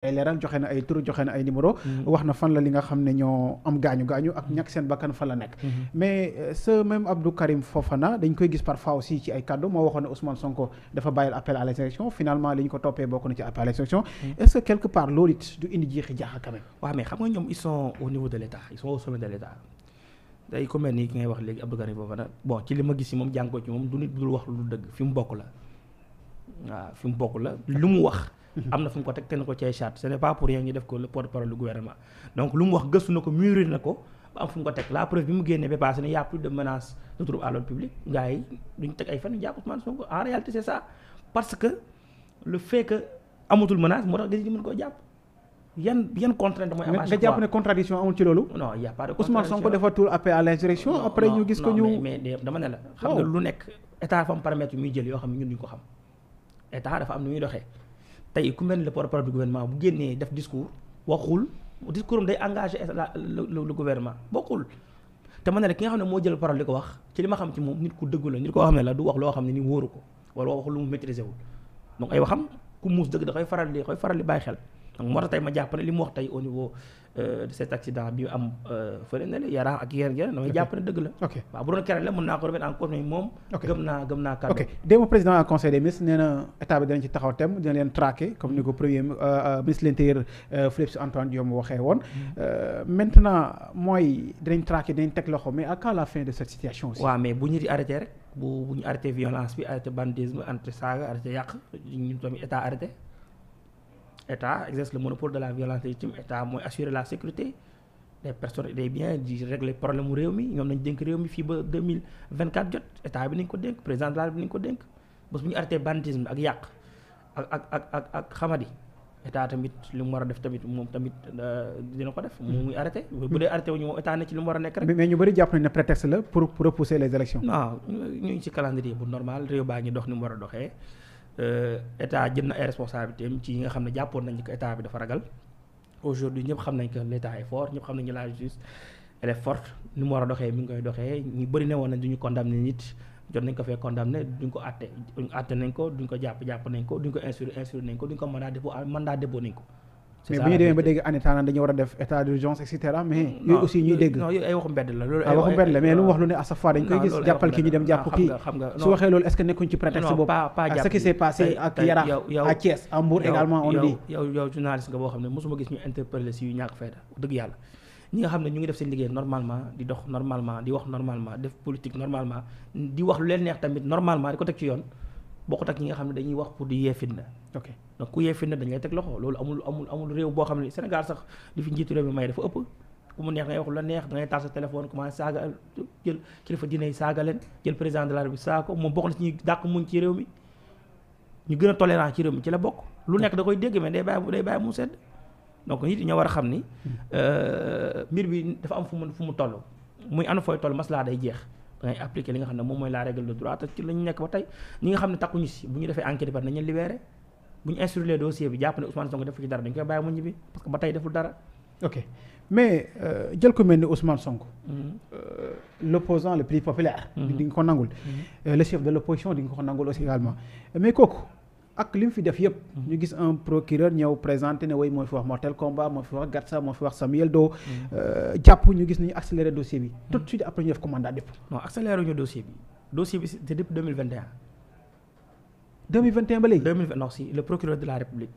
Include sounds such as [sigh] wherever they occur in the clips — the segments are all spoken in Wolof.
ay leeral joxe na ay tur joxe na ay numéro mhm. wax na fan la li nga xam ne ñoo am gaañu gaañu ak ñàkk mhm. seen bakkan fan la nekk mhm. mais euh, ce même Abdou Karim Fofana dañ koy gis parfois aussi ci ay kàddu moo waxoon ne Ousmane Sonko dafa bàyyil appel à l'insurrection finalement li ko toppee bokk na ci appel à l'insurrection est-ce que quelque part loolu it du indi jeexi jaaxa quand même waaw xam nga ñoom ils sont au niveau de l'État ils sont au sommet de l'État day ku mel ni wax léegi Abdou Karim Fofana bon ci li ma gis si moom jàngoo ci moom du nit fi mu bokk la waaw fi mu bokk la lu mu wax [laughs] am na fu mu ko teg te na ko cay charte ce n'est pas pour rien ñu def ko le porte-parole du gouvernement donc lu mu wax gëstu na ko mûrir na ko ba am fu mu ko teg la preuve bi mu génnee ba passé ne y a plus de menace de jàpp Ousmane Sonko parce que le fait que amatul menace moo tax dañu mën koo jàpp yan yan contrainte mooy contradiction amul ci loolu. non y' a pas de contradiction Ousmane Sonko dafa tuur appel à l' insurrection. après ñu gis ko ñu mais dama ne la. xam nga lu nekk état dafa am paramètres yu muy jël yoo xam ne ñun duñ ko xam état dafa am nu muy doxee. tey ku mel le porte-parole du gouvernement bu génnee def discours waxul discours am day engagé le gouvernement bokkul te man ne la ki nga xam ne moo jël parole di ko wax ci li ma xam ci moom nit ku dëggu la nit koo xam ne la du wax loo xam ne ni wóoru ko wala wax lu mu maîtriser wul donc ay waxam ku muus dëgg da koy faral di koy faral di bàyyi xel donc moo tax tey ma jàpp ne li mu wax tey au niveau euh, de cet accident bi am euh, fële ne la yaraa ak yéen yéen damay jàpp ne dëgg la waaw bu doon keral la mën naa ko remettre en cause moom gëm naa gëm naa kàddu bi dinañ ci taxaw tem dina leen traqué comme ni ko premier euh, ministre l'intérieur Félix Antoine Diome waxee woon mm. maintenant mooy dinañ traqué dinañ teg loxo mais à quand fin de cette situation aussi waaw mais bu ñu di rek bu bu ñu violence bi arrêté État exerce le monopole de la violence légitime État mooy assurer la sécurité des personnes et des di régler problème réew mi ñoom nañ dénk réew mi fii ba 2024 jot État bi nañ ko dénk président de la bi nañ ko dénk bés bu ñu arrêté banditisme ak yàq ak ak ak xamadi état tamit li mu war a def tamit moom tamit euh, dina ko def. mu mm-hmm. muy arrêté. bu dee arrêté wu ñu moom ne ci li mu war a nekk rek. mais ñu bëri jàpp nañ ne prétexte la war a doxee. Euh, état jël na ay responsabilité am ci yi nga xam ne jàppoon nañ ko état bi dafa ragal aujourd'hui ñëpp xam nañ que l'état est fort ñëpp xam nañ la justice elle est forte mu war a doxee mi ngi koy doxee ñu bëri ne woon nañ duñu condamné nit jot nañ ko fee condamné duñ ko àtte duñ àtte nañ ko duñ ko jàpp jàpp nañ ko duñ ko instruire instruire nañ ko duñ ko mandat dépôt daa dépôt nañ ko mais bu ñu demee ba dégg année dañu war a def état d'urgence et cetera mais mm, yooyu aussi ñuy dégg non yooyu ay waxu mbedd la mais lu mu wax lu ne à chaque fois dañ koy gis jàppal ki ñu dem jàpp kii su waxee loolu est-ce que nekkuñ ci prétexte boobu ce qui s'est passé ak Yarax à Thiès à Mbour également on dit si yu ñàkk fayda dëgg yàlla ñi nga xam ne ñu ngi def seen liggéey normalement di dox normalement di wax normalement def politique normalement di wax lu leen neex tamit normalement di ko teg ci yoon bokkut ak ñi nga donc ku yee fitna dañ lay teg loxo loolu amul amul amul réew boo xam ne Sénégal sax li fi njiitu réew mi may dafa ëpp ku mu neex ngay wax lu la neex da taal sa téléphone commencé saaga jël kilifa dina yi saaga leen jël présent de la République saaga ko moom bokk na ci ñuy dàq muñ ci réew mi ñu gën a tolérant ci réew mi ci la bokk lu nekk da koy dégg mais day bàyyi day bàyyi mu sedd donc nit ñoo war a xam ni euh, mbir bi dafa am fu mu fu mu toll muy anu fooy toll jeex da ngay appliquer li moom mooy la règle la ñu nekk ba tey ñi nga xam ne takkuñu ñu defee enquête ba nañu bu ñu instruire dossier bi jàpp ne Ousmane Sonko defu ci dara dañ koy bàyyi mu ñibbi parce que ba tey deful dara. ok mais euh, jël ko mel ni Ousmane Sonko. Mhm. Euh, l' opposant le plus populaire. Mhm. di ko nangul. Mhm. Euh, le chef de l' opposition ko nangul aussi également mais kooku. ak li mu fi def yëpp ñu gis un procureur ñëw présenté ne way moo fi wax mortel combat moo fi wax Gatsa moo fi wax Samuel Doe jàpp ñu gis nañu accéléré dossier bi tout suite après ñu def ko mandat 2021 ba léegi. 2020 non si le procureur de la république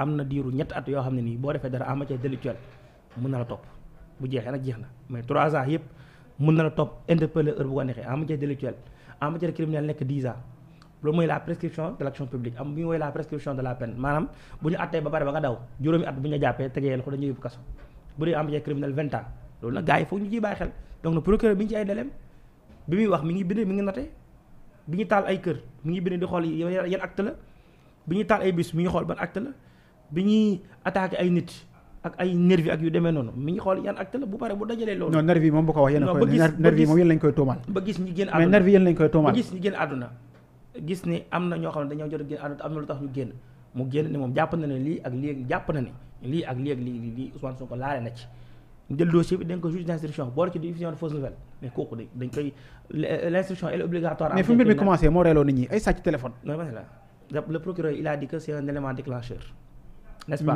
am na diiru ñett at yoo xam ne nii boo defee dara en matière délictuelle mën na la topp bu jeexee nag jeex na mais 3 ans yëpp mën na la topp interpeller heure bu ko neexee en matière délictuelle en matière criminelle nekk 10 ans. loolu mooy la prescription de l' action publique am bu ñu woy la prescription de la peine maanaam bu ñu attee ba pare ba nga daw juróomi at bu ñu la jàppee tegee loxo dañuy yóbbu kaso bu dee am cee criminel vingt ans loolu nag gars yi foog ñu ciy bàyyi xel donc procureur bi ñu ci ay deleem bi muy wax mi ngi bind mi ngi noté bi ñu taal ay kër mu ngi bind di xool yan acte la bi ñu taal ay bis mi ngi xool ban acte la bi ñuy attaqué ay nit ak ay nervi ak yu demee noonu mi ngi xool yan acte la bu pare bu dajalee loolu. non moom bu ko wax yéen a koy nervi moom koy tuumaal. ba gis ñi génn àdduna lañ koy tuumaal. ba gis ñi génn àdduna gis ne am na ñoo xam ne dañoo jot a am na lu tax ñu génn mu génn ne moom jàpp na ne lii ak lii jàpp na ne lii ak lii ak lii lii Ousmane Sonko laale na ci jël dossier bi dañ ko juge d' instruction boole ci diffusion de fausse nouvelle mais kooku koy l' instruction elle mais fu mbir mi commencé moo reeloo nit ñi ay sàcc téléphone.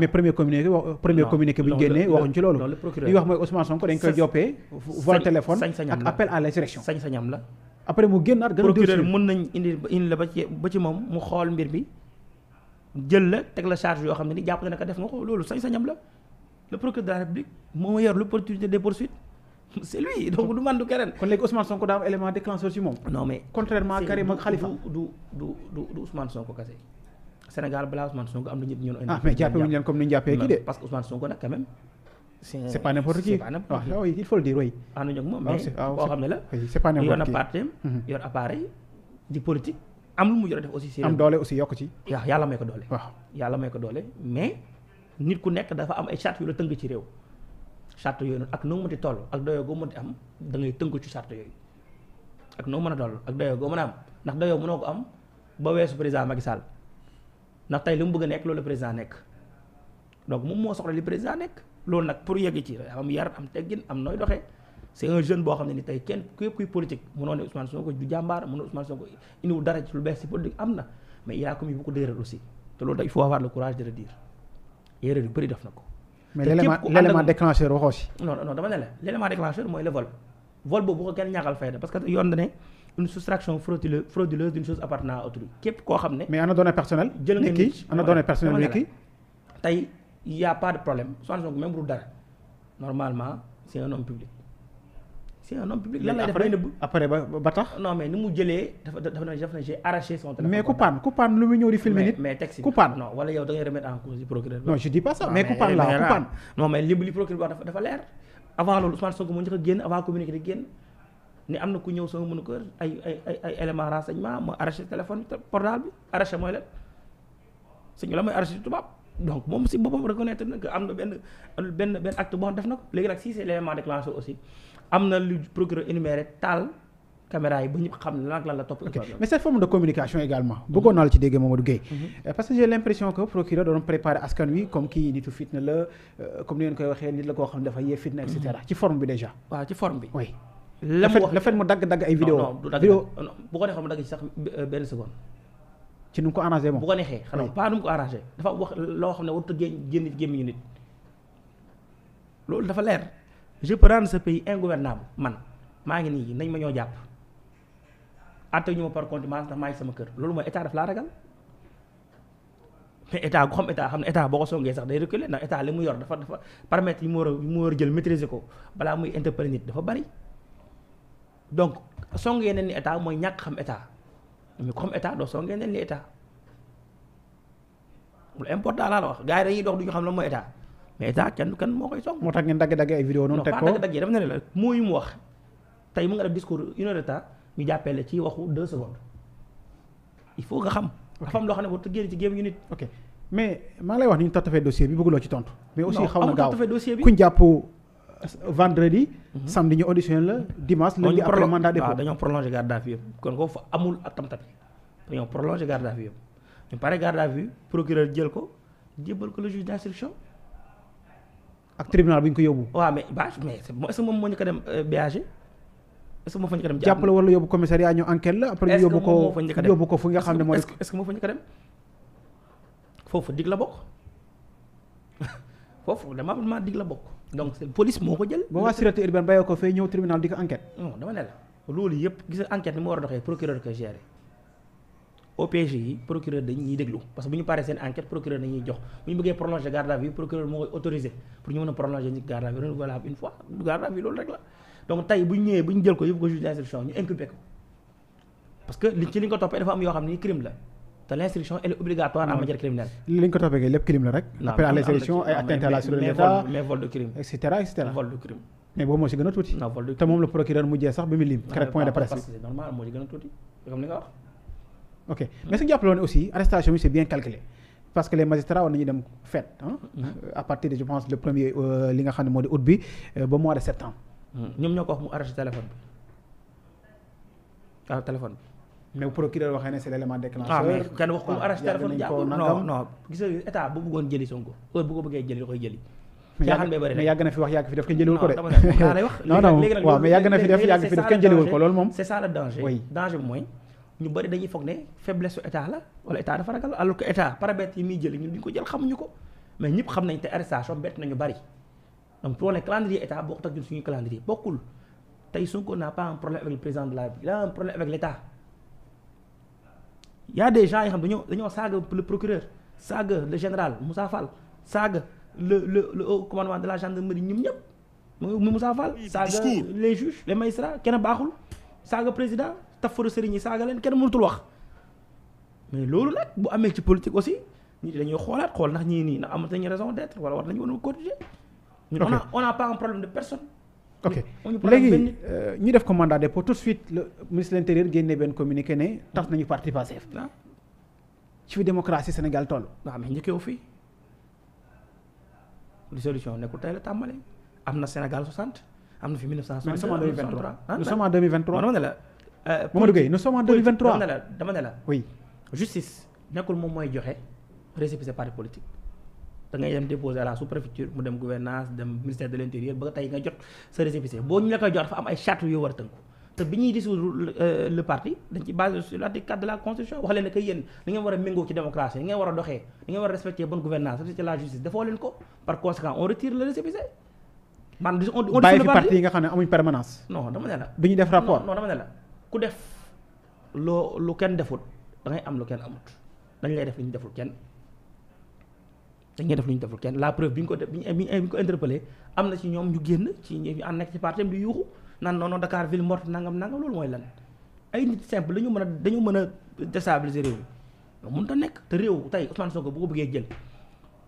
mais premier communiqué euh, wax ci loolu. non wax mooy Ousmane Sonko dañ koy joppee. vol téléphone ak appel à l' sañ-sañam la. après mu génnaat gën a procureur mën nañ indi la ba ci moom mu xool mbir bi jël la teg la charge yoo xam ne ni jàpp na ko def nga ko loolu sañ-sañam la le procureur de la République moo yor l'opportunité des poursuites [laughs] c'est lui donc du man du keneen. kon léegi Ousmane Sonko daa am élément déclencheur ci moom. non mais contrairement à Sénégal balaa Ousmane Sonko am na ñëpp ah, que Ousmane Sonko nag quand même. c'est pas n'importe qui waaw ah, il faut le dire oui. ànduñu ak moom ah, mais koo xam ne la. c'est pas n'importe qui yor mhm. yor appareil di politique am lu mu yor def aussi. yokk ci. waaw yàlla may ko doole. yàlla may ko doole mais. nit ku nekk dafa am ay charte yu la tënk ci réew charte yooyu noonu ak noo mënti toll ak doyoo goo mënti am da tënku ci charte yooyu ak noo mën a toll ak doyoo goo a am ndax doyoo mënoo ko am ba weesu président Macky Sall ndax tey li mu bëgg a nekk loolu président nekk donc moom moo soxla li président nekk loolu nag pour yegg ci am yar am teggin am nooy doxe c'est un jeune boo xam ne ni tey kenn képp kuy politique mënoo ne Ousmane Sonko du jàmbaar mënoo Ousmane Sonko indiwul dara ci lu bees ci politique am na mais a ko dëgëral aussi te loolu il faut avoir le yére yu bëri def na ko. mais l'élément l'élément déclencheur waxoo si. non non dama ne la l'élément mooy le vol vol boobu ko kenn ñàkkal fayda parce que yoon na ne une soustraction frauduleuse frauduleuse d'une chose appartenant à autrui képp koo xam ne. mais ana données personnelles. jël nga nit ana données personnelles nit ki tey y' pas de problème Ousmane Sonko même bu dul dara normalement c'est un homme public. c'est un homme public lan lay def day nëbb après dafa dafa na dafa na j'ai arraché son téléphone. mais ku paan ku paan lu mu ñëw di filmer nit. mais teg si ku paan non wala yow da ngay remettre en cause du procureur. non je dis pas ça mais ku paan la ku paan. non mais li li procureur wax dafa leer avant loolu Ousmane Sonko moo njëkk a génn avant communiqué di génn ni am na ku ñëw sama mën ko ay ay ay ay éléments renseignement ma arraché téléphone portable bi arraché mooy lépp suñu la mooy arraché tubaab. donc moom si boppam reconnaître na que am na benn benn benn acte boo xam def na ko léegi nag si c'est l'élément déclencheur aussi am na lu procureur énuméré taal caméra yi ba ñëpp xam lan ak la topp. mais cette forme de communication également. bëggoon naa la ci déggee Mamadou Gueye. Mhm. Euh, parce que j'ai l'impression que procureur doon préparer askan wi comme kii nitu fitna la euh, comme ni ngeen koy waxee nit la koo xam ne dafa yee fitna et mhm. cetera ci forme bi déjà. waaw ci forme bi. oui le mu dagg dagg ay. vidéo non non ci nu mu ko arrangé moom bu ko neexee xanaa pas nu mu ko arrangé dafa wax loo xam ne warut a génn gémmiñu nit loolu dafa leer je peux sa ce pays ingouvernable man maa ngi nii nañ ma ñoo jàpp atte ñu ma par contre maa ndax sama kër loolu mooy état daf laa ragal mais état gu xam état xam ne état boo ko songee sax day reculer ndax état li mu yor dafa dafa permettre yi mu war yi mu war a jël maîtriser ko balaa muy interpeller nit dafa bari donc songee yeneen ni état mooy ñàkk xam état mais comme état doo soo ngeen leen ni état important laa la wax gars yi dañuy dox du ñu xam la mooy état mais état kenn kenn moo koy song. moo tax ngeen dagg-dagg ay vidéo noonu teg ko non pas moo yu mu wax tey mu nga def discours une heure de temps ñu jàppee la ci waxu deux secondes il faut nga xam. dafa am loo xam ne warut a génn ci géem yu nit. ok mais maa lay wax ni ñu tattafee dossier bi bëgguloo ci tontu. mais aussi xaw na gaaw kuñ jàpp. vendredi. samedi ñu audition la dimanche. lundi après mandat dépôt dañoo prolongé garde à vue yëpp kon foofu amul ak tam tapi dañoo prolongé garde à vue ñu pare garde à vue procureur jël ko jébbal ko le juge d' instruction. ak tribunal bi ñu ko yóbbu. waaw mais bâche mais est ce que moo ko dem euh, BAG. est ce que fa ñu dem jàppale wala yóbbu commissariat ah, ñu enquête la après ñu yóbbu ko yóbbu ko fu nga xam ne mooy. est ce moo fa ñu ko dem foofu dig la bokk [laughs] foofu dama dig la bokk. donc police moo ko jël. ba waa sûreté urbaine bàyyi ko fay ñëw tribunal di ko enquête. dama ne la loolu yëpp gis nga ni mu war a doxee procureur ko géré OPG yi procureur dañuy déglu parce que bu ñu paree seen enquête procureur dañuy jox bu ñu bëggee prolonger garde à vue procureur moo koy autorisé pour ñu mën a prolonger nit garde à vue renouvelable une fois garde à vue loolu rek la donc tey bu ñu ñëwee bu ñu jël ko yóbbu ko juge parce que am la. te l'instruction elle est obligatoire en matière criminelle. li ñu ko toppee lépp crime la rek. après à l'instruction ay atteinte à la sûreté de l'État mais vol de crime. et cetera et cetera vol de crime. mais boobu moo si gën a tuuti. vol de crime te moom la procureur mujjee sax bi mu lim. keroog point de presse bi normal moo si gën a tuuti comme ni nga wax. ok mais su ñu jàppaloon aussi arrestation bi c'est bien calculé parce que les magistrats war nañu dem fête mm-hmm. à partir de je pense le premier euh, li nga xam ne moo di août bi euh, ba mois de septembre. Mm-hmm. ñoom ñoo ko wax mu arrêté téléphone bi ah, téléphone bi. mais bu procureur waxee ne c'est l'élément déclencheur. Ah, waaw mais gis nga état bu bëggoon jëli Sonko ko bëggee jëli da ko loolu moom. c'est ça le danger danger mooy ñu bëri dañuy foog ne faiblesse su état la wala état dafa ragal alors que état paramètres yi muy jëli ñun duñ ko jël xamuñu ko mais ñëpp xam nañ te arrestation bett nañu bëri donc problème calendrier état bokkut ak ñun suñu calendrier bokkul tey Sonko n'a pas un problème avec le y des gens yoo xam dañoo dañoo saaga le procureur saaga le général musa Fall saaga le le le haut commandement de la gendarmerie ñoom ñëpp mu Moussa Fall saaga les juges les magistrats kenn baaxul saaga président tafaru sëriñ yi saaga leen kenn mënutul wax mais loolu nag bu amee ci politique aussi nit dañuy xoolaat xool ndax ñii nii ndax am nañu raison d'être wala war nañu woon a corriger on a on a pas un problème de personne ok léegi euh, ñu def ko de dépôt tout de suite le ministre de l'intérieur génne benn communiqué ne tax nañu parti Pastef ah. ci fi démocratie Sénégal toll. waaw ah, mais njëkkee wu fii résolution nekkul tey la tàmbale am na Sénégal 60 am na fi 1960. nous sommes en 2023 ah, euh, nous sommes en 2023. dama ne la. Mamadou Gueye nous sommes en 2023 dama ne la la. oui nekkul moom mooy joxe récépissé parti politique. dangay dem déposer à la sous-préfecture mu dem gouvernance dem ministère de l'intérieur ba tey nga jot sa récépissé boo ñu la jox dafa am ay charte yoo war a tënku te bi ñuy dissoudre euh, le parti dañ ci basé sur l'article 4 de la constitution wax leen ne que yéen war a méngoo ci démocratie da war a doxee da war a respecter bonne gouvernance respecter la justice defoo leen ko par conséquent on retire le récépissé man nga xam ne amuñ permanence def rapport non dama ne lu kenn defut da ngay am lu def li ñu deful kenn dañuy def lu ñu deful kenn la preuve bi ñu ko def bi ñu ko interpellé am na ci ñoom ñu génn ci ñu ànd nekk ci parti am di yuuxu naan non non ville morte nangam nangam loolu mooy lan ay nit simple dañu mën a dañu mën a déstabiliser réew mi mënut a nekk te réew tey Ousmane Sonko bu ko bëggee jël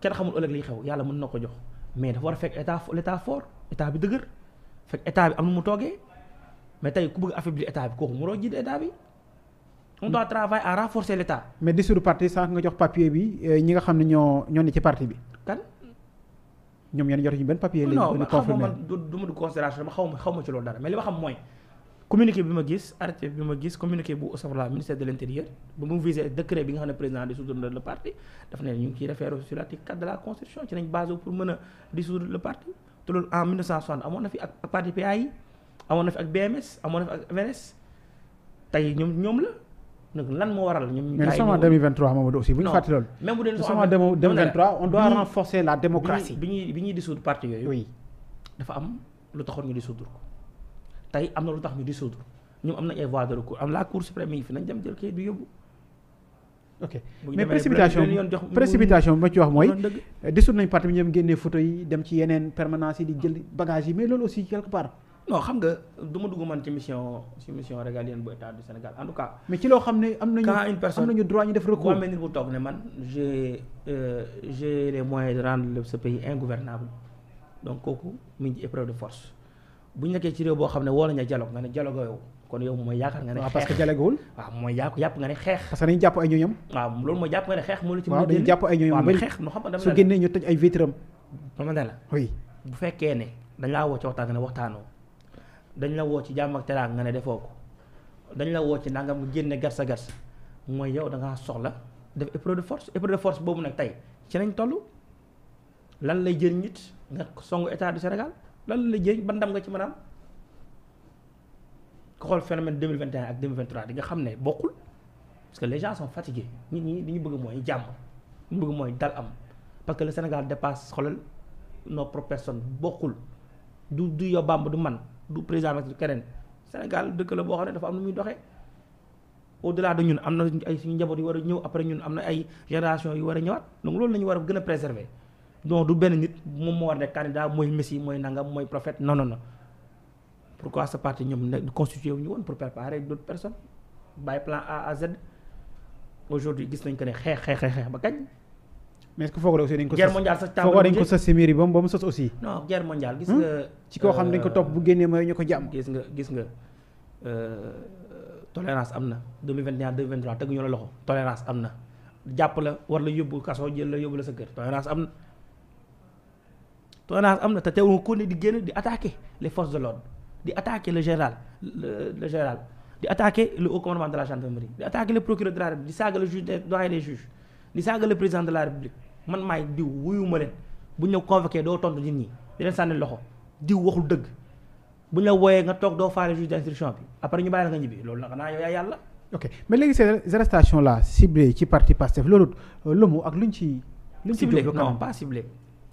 kenn xamul ëllëg liy xew yàlla mën na ko jox mais dafa war a fekk état l'état fort bi dëgër fekk état bi am na mu toogee mais tey ku bëgg affaiblir état bi kooku mënoo on doit travailler à renforcer l'État. mais dissoudre parti sànq nga jox papier bi euh, ñi nga xam ne ñoo ne ci parti bi. kan. ñoom ñoo jotuñu benn papier. léegi ñu confirmé non du ma du considération xaw ma xaw ma ci loolu dara mais li ma gis arrêté bi a dissoudre le parti te loolu en 1960 amoon na fi ak parti PAI amoon na fi ak BMS amoon na fi ak ñoom ñoom la. donc lan moo waral ñoom. mais nous sommes en a Mamadou aussi bu ñu fàtte loolu. même bu dee nous sommes en 2023 on doit renforcer la démocratie. bi ñuy bi ñuy yooyu. dafa am lu taxoon ñu dissoudre ko am na lu tax ñu dissoudre ñoom am na ay voies de recours am la cour suprême fi nañ dem jël kayit bi yóbbu. ok mais précipitation précipitation bi ma ci wax mooy. dissoudre nañ parti bi ñoom génnee photo yi dem ci yeneen permanence yi di jël bagage yi mais loolu aussi quelque part. non xam nga du ma dugg man ci mission ci mission régalienne bu état du Sénégal en tout cas. mais ci loo xam ne am nañu quand une personne am nañu droit ñu def recours. boo amee nit bu toog ne euh, ci bu boo xam ne woo nañu dialogue nga ne dialogue yow kon yow mooy yaakaar nga ne. xeex waaw parce que dialogue wul. waaw mooy yàqu yàpp nga ne xeex. parce que dañuy jàpp ay ñooñam. bu fekkee ne dañ laa woo ci waxtaan nga ne waxtaanoo dañ la woo ci jàmm ak teraanga nga ne defoo ko dañ la woo ci nangam nga génne garsa garsa mooy yow da ngaa soxla def épreuve de force épreuve de force boobu nag tey ci nañ toll lan lay jën nit nga songu état du Sénégal lan lay jëriñ ba ndam nga ci mën a ko xool phénomène 2021 ak 2023 di nga xam ne bokkul parce que les gens sont fatigués nit ñi li ñu bëgg mooy jàmm li bëgg mooy dal am parce que le Sénégal dépasse xoolal nos propres bokkul du du yobamb du man du président Macky keneen Sénégal dëkk la boo xam ne dafa am nu muy doxee au delà da ñun am na ay suñu njaboot yu war a ñëw après ñun am na ay génération yu war a ñëwaat donc loolu la war a gën a préserver donc du benn nit moom moo war nekk candidat mooy messi mooy nangam mooy prophète non non non pourquoi ce parti ñoom ne constitué wu ñu woon pour préparer d' autres personnes bàyyi plan A à Z aujourd'hui gis nañ ko ne xeex xeex xeex ba kañ. mais est-ce que foogoo aussi dañ ko. guerre mondiale sax ko sos si mairie ba mu ba mu sos aussi. non guerre hmm? nga. ci koo xam dañ ko topp bu euh, génnee mooy ñu ko euh, am na 2021 2023 teguñu kaso jël la yóbbu la sa kër tolérance am na. tolérance am na te teewul ko ne di génn di attaquer les forces de l'ordre di attaquer le général le général di attaquer le haut commandement de la procureur de la République di saaga le juge doyen des juges. di saaga le président de la république man maay diw wuyu leen bu ñu la convoqué doo tontu nit ñi di sànni loxo diw waxul dëgg bu ñu la wooyee nga toog doo faale juge d'instruction bi après ñu bàyyi la nga ñibbi loolu la xanaa yow yaa yàlla. ok mais léegi ces arrestations là ciblées ci parti Pastef loolu euh, lëmu ak luñ ci. luñ ci ciblé non pas ciblé.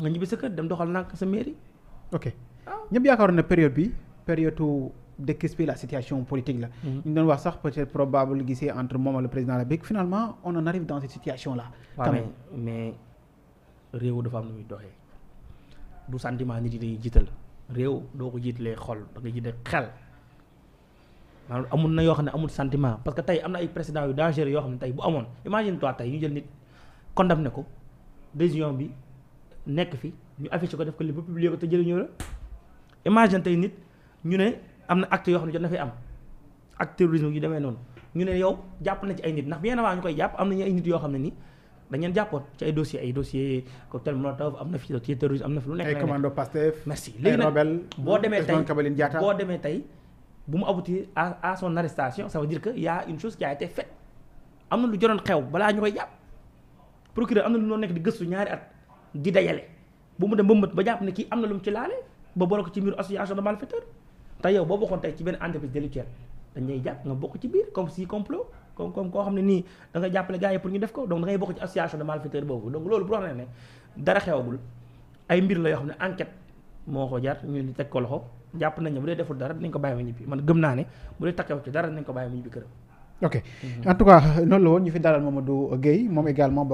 nga ñibbi sa kër dem doxal nànk sa mairie. ok ah. ñëpp yaakaaroon na période bi période décrisper la situation politique la. Mhm. ñu doon wax sax peut-être probable gisee entre moom ak le président la République finalement on en arrive dans cette situation là. quand même mais réew dafa am nu muy doxee du sentiment nit yi dañuy jiital réew doo ko jiitalee xol da nga jiite xel. maanaam amul na yoo xam ne amul sentiment parce que tey am na ay président yu dangereux yoo xam ne tey bu amoon imagine toi tey ñu jël ko décision bi. nekk fi ñu affiché ko def ko li ba publier ko te jëriñoo la imagine tey nit ñu ne am na acte yoo xam ne jot na fi am ak terrorisme yu demee noonu ñu ne yow jàpp na ci ay nit ndax bien avant koy jàpp am nañu ay nit yoo xam ne nii dañ leen jàppoon ci ay dossier ay dossier cocktail molotov am na fi dossier terrorisme am na fi lu nekk ay commando Pastef merci léegi nag boo demee tey boo demee tey bu mu aboutir à à son arrestation ça veut que y a une chose qui lu joroon xew balaa ñu koy jàpp procureur am na lu noo nekk di gëstu ñaari at di dajale bu mu dem ba mët ba jàpp ne kii am na lu mu ci laale ba boole ko ci mbiru association de malfaiteur te yow boo bokkoon tey ci benn entreprise délictuelle dañ lay jàpp nga bokk ci biir comme si complot comme comme koo xam ne nii da nga jàppale gars yi pour ñu def ko donc da bokk ci association de malfaiteur boobu donc loolu bu wax ne dara ay mbir la yoo xam ne enquête moo ko jar ñu di teg ko loxo jàpp nañ bu dee deful dara dinañ ko